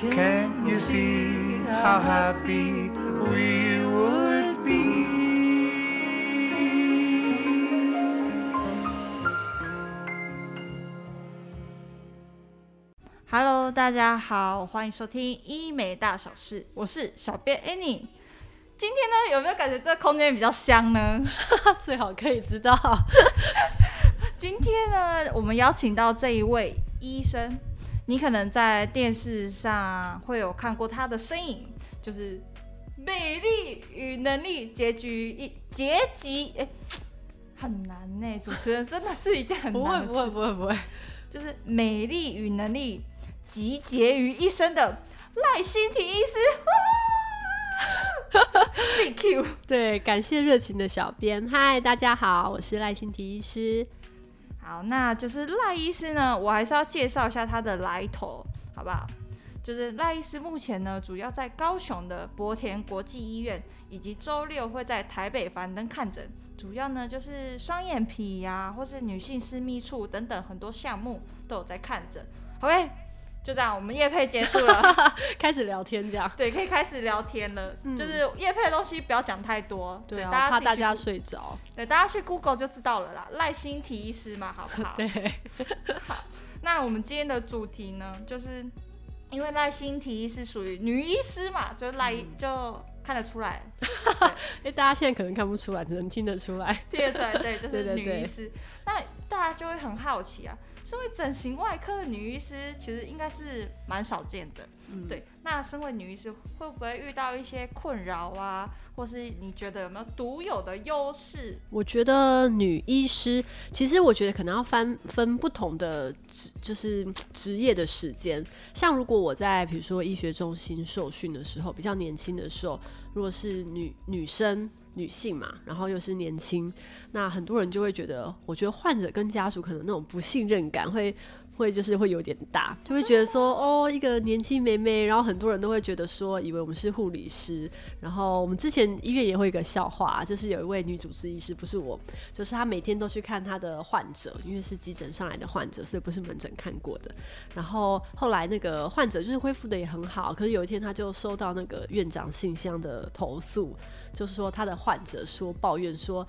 Can you see how happy we would be? Hello，大家好，歡迎收聽醫美大小事，我是小編 Annie。今天呢，有沒有感覺這個空間比較香呢？ 最好可以知道。 今天呢，我們邀請到這一位醫生。你可能在電視上會有看過他的身影，就是美麗與能力，結局一結局哎、欸，很難呢、欸。主持人真的是一件很難的事。不會不會不會不會，就是美麗與能力集結於一身的賴昕隄醫師 thank you C Q 對，感謝熱情的小編，嗨，大家好，我是賴昕隄醫師。好，那就是賴醫師呢，我還是要介紹一下他的來頭，好不好？就是賴醫師目前呢，主要在高雄的博田國際醫院，以及周六會在台北凡登看診，主要呢就是雙眼皮呀、啊，或是女性私密處等等很多項目都有在看診好喂。OK? 就這樣，我們業配結束了， 開始聊天這樣。對，可以開始聊天了，嗯、就是業配的東西不要講太多，對，啊、對，大家怕大家睡着。對，大家去 Google 就知道了啦，賴昕隄醫師嘛，好不好？對，好。那我們今天的主題呢，就是因為賴昕隄是屬於女醫師嘛，就賴醫、嗯、就看得出來。哎、欸，大家現在可能看不出來，只能聽得出來，聽得出來，對，就是女醫師。對對對對那大家就會很好奇啊。身為整形外科的女醫師，其實應該是蠻少見的。嗯，對，那身為女醫師，會不會遇到一些困擾啊？或是你覺得有沒有獨有的優勢？我覺得女醫師，其實我覺得可能要分分不同的職，就是職業的時間。像如果我在比如說醫學中心受訓的時候，比較年輕的時候，如果是女女生。女性嘛，然後又是年輕，那很多人就會覺得，我覺得患者跟家屬可能那種不信任感會。會就是會有點大，就會覺得說哦，一個年輕妹妹，然後很多人都會覺得說，以為我們是護理師。然後我們之前醫院也會有一個笑話，就是有一位女主治醫師，不是我，就是她每天都去看她的患者，因為是急診上來的患者，所以不是門診看過的。然後後來那個患者就是恢復得也很好，可是有一天她就收到那個院長信箱的投訴，就是說她的患者說抱怨說，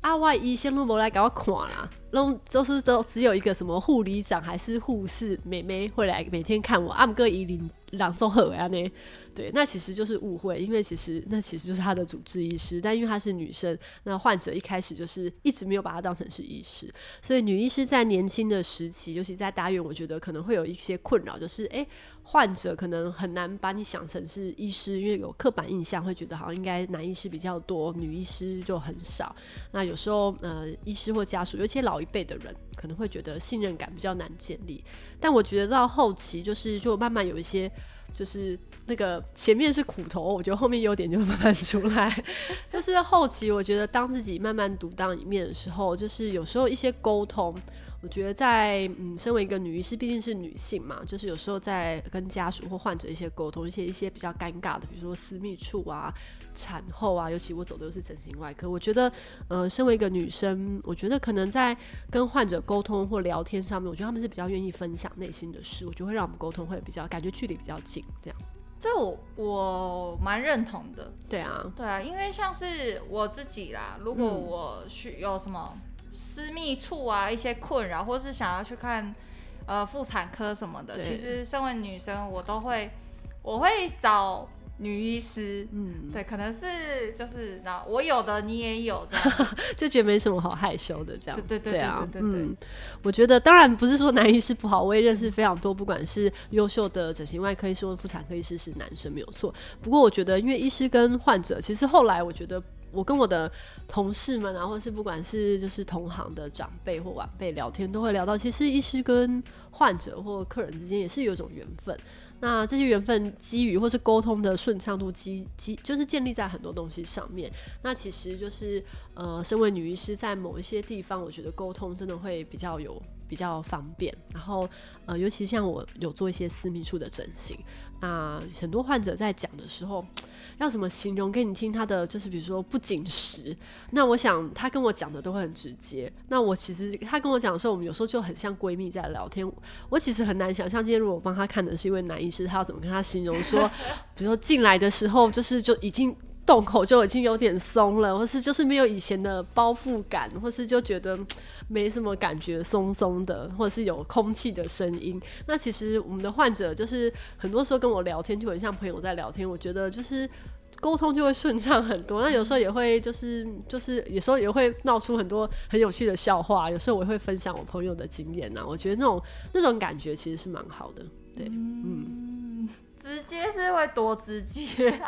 啊，外醫先入模來給我，看啦。都，都是都只有一個什麼護理長還是護士妹妹會來每天看我。阿姆哥以領朗誦我呀呢？對，那其實就是誤會，因為其實那其實就是他的主治醫師，但因為她是女生，那患者，一開始就是一直沒有把她當成是醫師，所以女醫師在年輕的時期，尤其是在大院，我覺得可能會有一些困擾，就是哎、欸，患者可能很難把你想成是醫師，因為有刻板印象，會覺得好像應該男醫師比較多，女醫師就很少。那有時候呃，醫師或家屬，尤其老。一輩的人可能會覺得信任感比較難建立，但我覺得到後期就是就慢慢有一些，就是那個前面是苦頭，我覺得後面優點就會慢慢出來。就是後期我覺得當自己慢慢獨當一面的時候，就是有時候一些溝通。我覺得在嗯，身為一個女醫師，畢竟是女性嘛，就是有時候在跟家屬或患者，一些溝通，一些一些比較尷尬的，比如說私密處啊、產後啊，尤其我走的又是整形外科，我覺得，嗯、呃，身為一個女生，我覺得可能在跟患者溝通或聊天上面，我覺得他們是比較願意分享內心的事，我覺得會讓我們溝通會比較感覺距離比較近，這樣。這我我蠻認同的，對啊，對啊，因為像是我自己啦，如果我需要什麼、嗯。私密處啊，一些困擾，或是想要去看，呃，婦產科什麼的。對對對。其實身為女生，我都會，我會找女醫師。嗯，對，可能是就是那我有的你也有的， 就覺得沒什麼好害羞的這樣。對對對對啊，嗯，我覺得當然不是說男醫師不好，我也認識非常多，不管是優秀的整形外科醫生或婦產科醫師是男生沒有錯。不過我覺得，因為醫師跟患者，其實後來我覺得。我跟我的同事們然後啊，或是不管是就是同行的長輩或晚輩聊天，都會聊到，其實醫師跟患者或客人之間也是有一種緣分。那這些緣分基於或是溝通的順暢度基基，就是建立在很多東西上面。那其實就是呃，身為女醫師，在某一些地方，我覺得溝通真的會比較有比較方便。然後呃，尤其像我有做一些私密處的整形，那很多患者在講的時候。要怎麼形容給你聽？他的就是比如說不緊實，那我想他跟我講的都會很直接。那我其實他跟我講的時候，我們有時候就很像閨蜜在聊天。我其實很難想象，今天如果我幫他看的是一位男醫師，他要怎麼跟他形容說，比如說進來的時候就是就已經。洞口就已經有點鬆了，或是就是沒有以前的包覆感，或是就覺得沒什麼感覺，松松的，或者是有空氣的聲音。那其實我們的患者就是很多時候跟我聊天就很像朋友在聊天，我覺得就是溝通就會順暢很多。那有時候也會就是就是有時候也會鬧出很多很有趣的笑話，有時候我也會分享我朋友的經驗吶，我覺得那種那種感覺其實是蠻好的。對，嗯。直接是會多直接，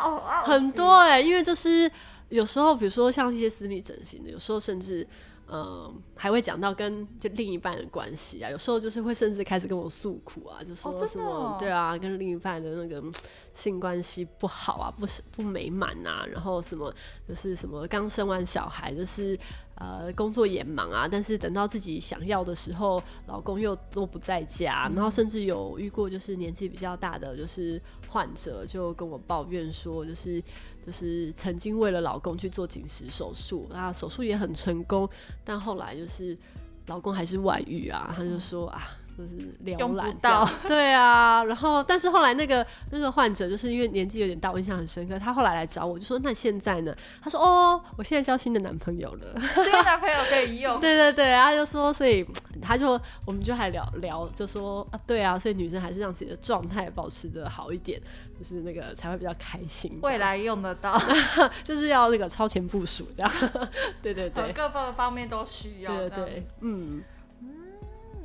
很多哎、欸，因為就是有時候，比如說像一些私密整形的，有時候甚至。嗯，還會講到跟就另一半的關係啊，有時候就是會甚至開始跟我訴苦啊，就說什麼對啊，跟另一半的那個性關係不好啊，不不美滿吶、啊，然後什麼就是什麼剛生完小孩就是呃工作也忙啊，但是等到自己想要的時候，老公又都不在家，然後甚至有遇過就是年紀比較大的就是患者就跟我抱怨說就是。就是曾經為了老公去做緊實手術，那手術也很成功，但後來就是老公還是外遇啊，嗯，他就說啊。就是聊不到，對啊，然後但是後來那個那個患者就是因為年紀有點大，我印象很深刻。他後來來找我就說：“那現在呢？”他說：“哦，我現在交新的男朋友了，新的男朋友可以用。” 對對對，然後就說，所以他就我們就還聊聊，就說啊，對啊，所以女生還是讓自己的狀態保持得好一點，就是那個才會比較開心。未來用得到， 就是要那個超前部署，這樣 對，對對對，各方方面都需要，對對，對嗯。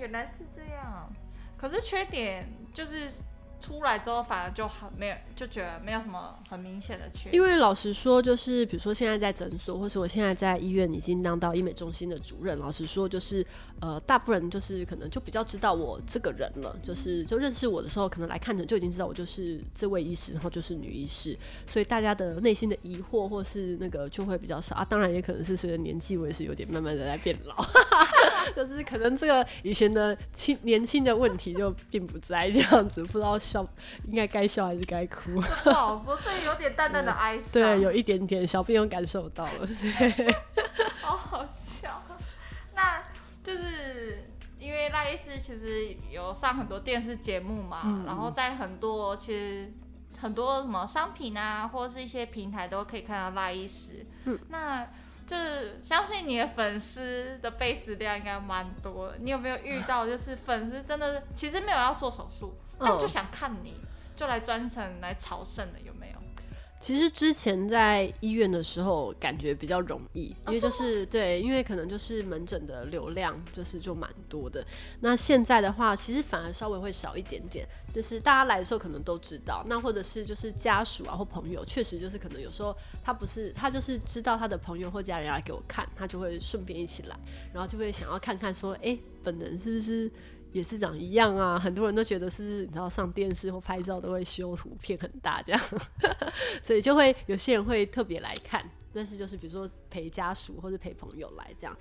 原來是這樣，可是缺點就是出來之後反而就很沒有，就覺得沒有什麼很明顯的缺點。因為老實說，就是比如說現在在診所，或是我現在在醫院已經當到醫美中心的主任。老實說，就是呃，大部分人就是可能就比較知道我這個人了，嗯、就是就認識我的時候，可能來看診就已經知道我就是這位醫師，然後就是女醫師，所以大家的內心的疑惑或是那個就會比較少啊。當然也可能是隨着年紀，我也是有點慢慢的在變老。 就是可能這個以前的輕年輕的問題就並不在這樣子， 不知道笑應該該笑還是該哭，不好說這 有點淡淡的哀傷。對，有一點點小朋友感受到了對，欸，好好笑，那就是因為賴醫師其實有上很多電視節目嘛，嗯、然後在很多其實很多什麼商品啊，或是一些平台都可以看到賴醫師，嗯，那。就是相信你的粉絲的貝斯量應該蠻多的，你有沒有遇到就是粉絲真的、呃、其實沒有要做手術，但就想看你就來專程來朝聖的有沒有？其實之前在醫院的時候，感覺比較容易，因為就是、哦、對，因為可能就是門診的流量就是就蠻多的。那現在的話，其實反而稍微會少一點點。就是大家來的時候，可能都知道。那或者是就是家屬啊或朋友，確實就是可能有時候他不是他就是知道他的朋友或家人來給我看，他就會順便一起來，然後就會想要看看說，哎、欸，本人是不是？也是長一樣啊，很多人都覺得是不是？你知道上電視或拍照都會修圖片很大這樣， 所以就會有些人會特別來看。但是就是比如說陪家屬或者陪朋友來這樣，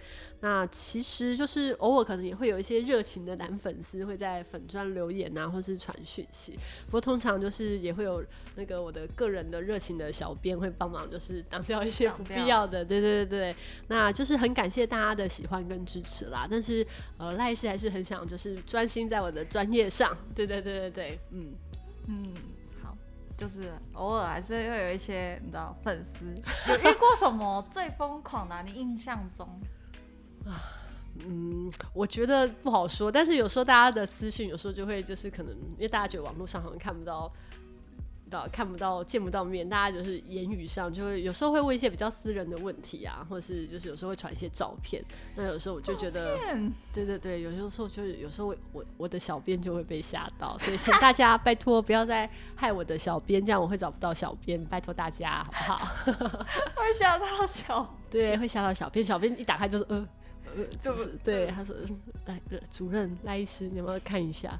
那其實就是偶爾可能也會有一些熱情的男粉絲會在粉專留言啊，或是傳訊息。不過通常就是也會有那個我的個人的熱情的小編會幫忙，就是擋掉一些不必要的，對對對對。那就是很感謝大家的喜歡跟支持啦。但是呃賴氏還是很想就是專心在我的專業上，對對對對對，嗯嗯。就是偶爾還是會有一些你知道粉絲 有遇過什麼最瘋狂的啊，你印象中 啊，嗯，我覺得不好說。但是有時候大家的私訊，有時候就會就是可能因為大家覺得網絡上好像看不到。到看不到、見不到面，大家就是言語上就會有時候會問一些比較私人的問題啊，或者是就是有時候會傳一些照片。那有時候我就覺得，照片？對對對，有時候就是有時候我我，我的小編就會被嚇到，所以請大家拜托不要再害我的小編， 這樣我會找不到小編，拜托大家好不好？ 會嚇到小對，會嚇到小編，小編一打開就是呃呃，呃就是對、呃、他說，來主任、賴醫師，你有，沒有看一下，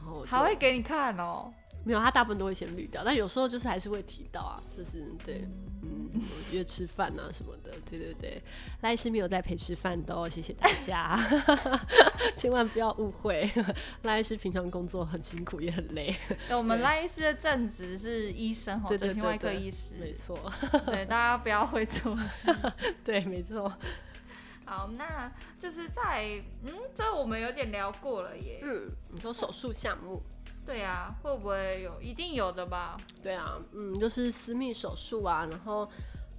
然後就還會給你看哦、喔。沒有，他大部分都會先濾掉，但有時候就是還是會提到啊，就是對，嗯，約、嗯、吃飯啊什麼的，對對對。賴 醫師沒有在陪吃飯都、哦、謝謝大家， 千萬不要誤會，賴醫師平常工作很辛苦也很累。那我們賴醫師的正職是醫生對，整形外科醫師，對對對沒錯。 對，大家不要會錯， 對，沒錯。好，那就是在，嗯，這我們有點聊過了耶。嗯，你說手術項目。對呀，會不會有？一定有的吧。對啊，嗯，就是私密手術啊，然後。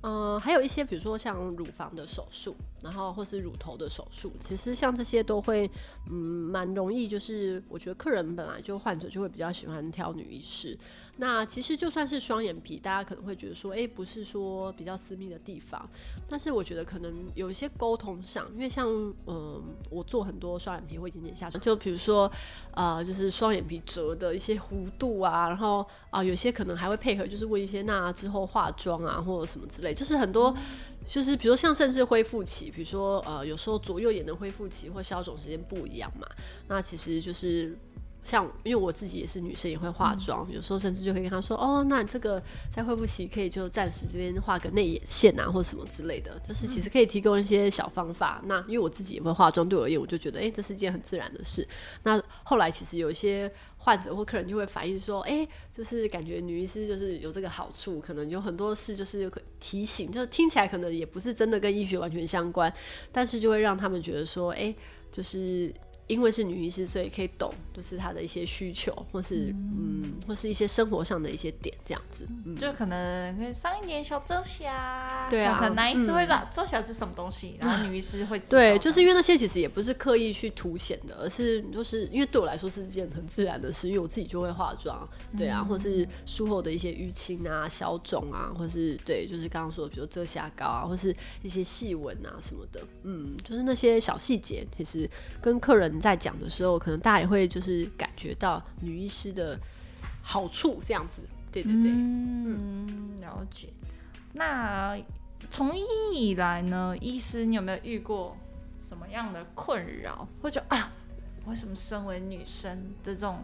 呃，還有一些比如說像乳房的手術，然後或是乳頭的手術，其實像這些都會，嗯，蠻容易，就是我覺得客人本來就患者就會比較喜歡挑女醫師。那其實就算是雙眼皮，大家可能會覺得說，哎、欸，不是說比較私密的地方，但是我覺得可能有一些溝通上，因為像，嗯，我做很多雙眼皮或眼瞼下垂，就比如說，呃，就是雙眼皮折的一些弧度啊，然後啊、呃，有些可能還會配合就是問一些那之後化妝啊或者什麼之類的。就是很多，就是比如像甚至恢復期，比如說呃，有時候左右眼的恢復期或消腫時間不一樣嘛，那其實就是。像因為我自己也是女生，也會化妝，嗯、有時候甚至就會跟她說：“哦，那這個在恢復期可以就暫時這邊畫個內眼線啊，或什麼之類的。”就是其實可以提供一些小方法。嗯、那因為我自己也會化妝，對我而言，我就覺得哎、欸，這是一件很自然的事。那後來其實有些患者或客人就會反映說：“哎、欸，就是感覺女醫師就是有這個好處，可能有很多事就是提醒，就是聽起來可能也不是真的跟醫學完全相關，但是就會讓他們覺得說：哎、欸，就是。”因為是女醫師，所以可以懂，就是她的一些需求，或是嗯,嗯，或是一些生活上的一些點這樣子，嗯、就可能可以上一點小遮瑕，對啊，男醫師會把遮瑕是什麼東西，嗯、然後女醫師會知道。對，就是因為那些其實也不是刻意去凸顯的，而是就是因為對我來說是一件很自然的事，因為、嗯、我自己就會化妝，對啊，或是術後的一些淤青啊、消腫啊，或是對，就是剛剛說的，比如遮瑕膏啊，或是一些細紋啊什麼的，嗯，就是那些小細節，其實跟客人。在講的時候，可能大家也會就是感覺到女醫師的好處這樣子，對對對，嗯，嗯，了解。那從醫以來呢，醫師你有沒有遇過什麼樣的困擾？或者啊，為什麼身為女生這種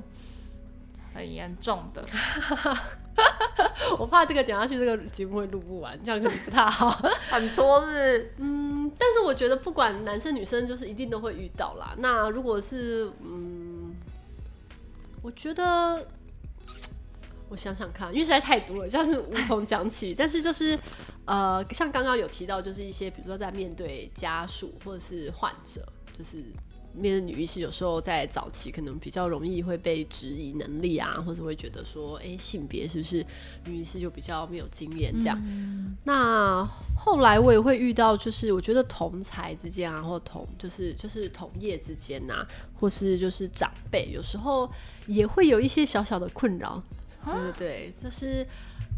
很嚴重的？ 我怕這個講下去，這個節目會錄不完，這樣就不太好。 很多是日嗯。但是我覺得不管男生女生，就是一定都會遇到啦。那如果是嗯，我覺得我想想看，因為實在太多了，像是無從講起。 但是就是呃，像剛剛有提到，就是一些比如說在面對家屬或者是患者，就是。面對女醫師，有時候在早期可能比較容易會被質疑能力啊，或者會覺得說，哎、欸，性別是不是女醫師就比較沒有經驗這樣？嗯、那後來我也會遇到，就是我覺得同儕之間啊，或同就是就是同業之間啊，或是就是長輩，有時候也會有一些小小的困擾。啊、對對對，就是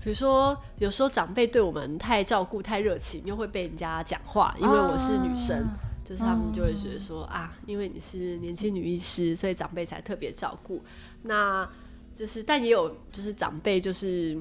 比如說有時候長輩對我們太照顧、太熱情，又會被人家講話，因為我是女生。啊就是他們就會覺得說，嗯。啊，因為你是年輕女醫師，所以長輩才特別照顧。那就是，但也有就是長輩就是。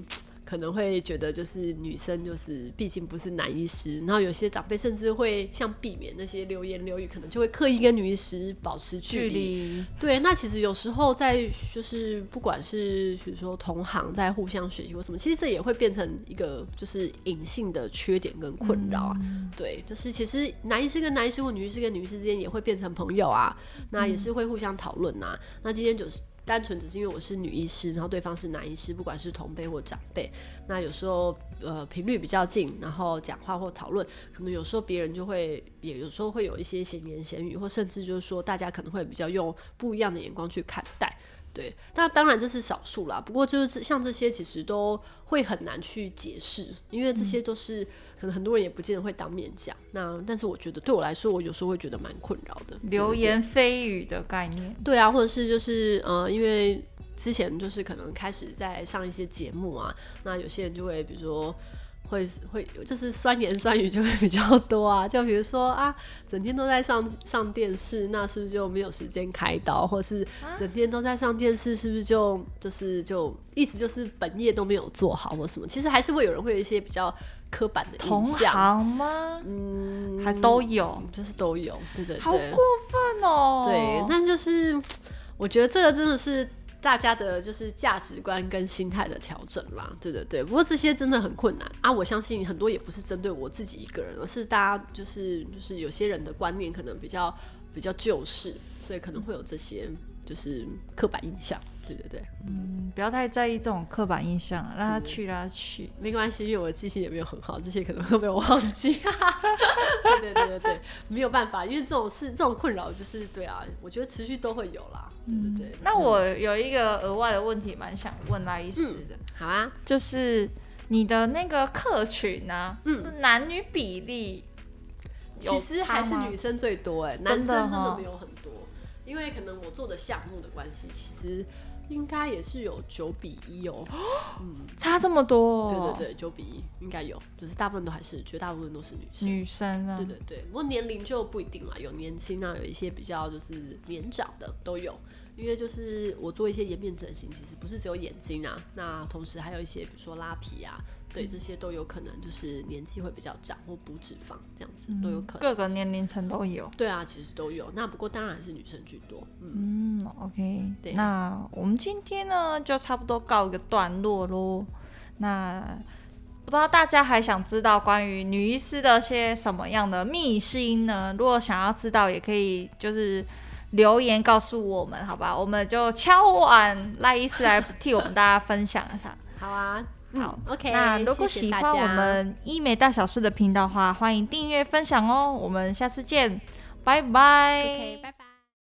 可能會覺得就是女生就是畢竟不是男醫師，然後有些長輩甚至會想避免那些流言蜚語，可能就會刻意跟女醫師保持距離。距離。對，那其實有時候在就是不管是比如說同行在互相學習或什麼，其實這也會變成一個就是隱性的缺點跟困擾啊。嗯、對，就是其實男醫師跟男醫師或女醫師跟女醫師之間也會變成朋友啊，那也是會互相討論吶。嗯、那今天就是。單純只是因為我是女醫師，然後對方是男醫師，不管是同輩或長輩，那有時候呃頻率比較近，然後講話或討論，可能有時候別人就會，也有時候會有一些閒言閒語，或甚至就是說大家可能會比較用不一樣的眼光去看待，對，那當然這是少數啦，不過就是像這些其實都會很難去解釋，因為這些都是。可能很多人也不見得會當面講，那但是我覺得對我來說，我有時候會覺得蠻困擾的。對不對？流言蜚語的概念，對啊，或者是就是呃，因為之前就是可能開始在上一些節目啊，那有些人就會比如說會會就是酸言酸語就會比較多啊，就比如說啊，整天都在上上電視，那是不是就沒有時間開刀，或者是整天都在上電視，啊、是不是就就是就一直就是本業都沒有做好或什麼？其實還是會有人會有一些比較。刻板的印象同行嗎？嗯，還都有，嗯，就是都有，對對對，好過分哦！對，那就是我覺得這個真的是大家的，就是價值觀跟心態的調整啦，對對對。不過這些真的很困難啊！我相信很多也不是針對我自己一個人，而是大家就是就是有些人的觀念可能比較比較舊式，所以可能會有這些就是刻板印象。對對對，嗯，不要太在意這種刻板印象，讓他去，去，讓他去，沒關係，因為我記性也沒有很好，這些可能會被我忘記、啊。對 對對對對，沒有辦法，因為這種是這種困擾，就是對啊，我覺得持續都會有啦。嗯、對對對，那我有一個額外的問題蠻想問賴醫師的，好、嗯、啊，就是你的那個客群啊，嗯，男女比例，其實有嗎還是女生最多哎、欸，男生真的沒有很多，因為可能我做的項目的關係，其實。應該也是有九比一哦，嗯，差這麼多。對對對，九比一應該有，就是大部分都還是，絕大部分都是女生。女生啊，對對對，不過年齡就不一定啦，有年輕啊，有一些比較就是年長的都有。因為就是我做一些顏面整形，其實不是只有眼睛啊，那同時還有一些，比如說拉皮啊，對，這些都有可能，就是年紀會比較長或補脂肪這樣子，嗯、都有可能，各個年齡層都有，對啊，其實都有。那不過當然還是女生居多。嗯，嗯，OK，對。那我們今天呢就差不多告一個段落咯。那不知道大家還想知道關於女醫師的些什麼樣的秘辛呢？如果想要知道，也可以就是。留言告訴我們，好吧，我們就敲碗賴醫師來替我們大家分享一下。 好啊，好，嗯，OK。那如果喜歡我們醫美大小事的頻道的話，歡迎訂閱分享哦。我們下次見，拜拜，OK，拜拜。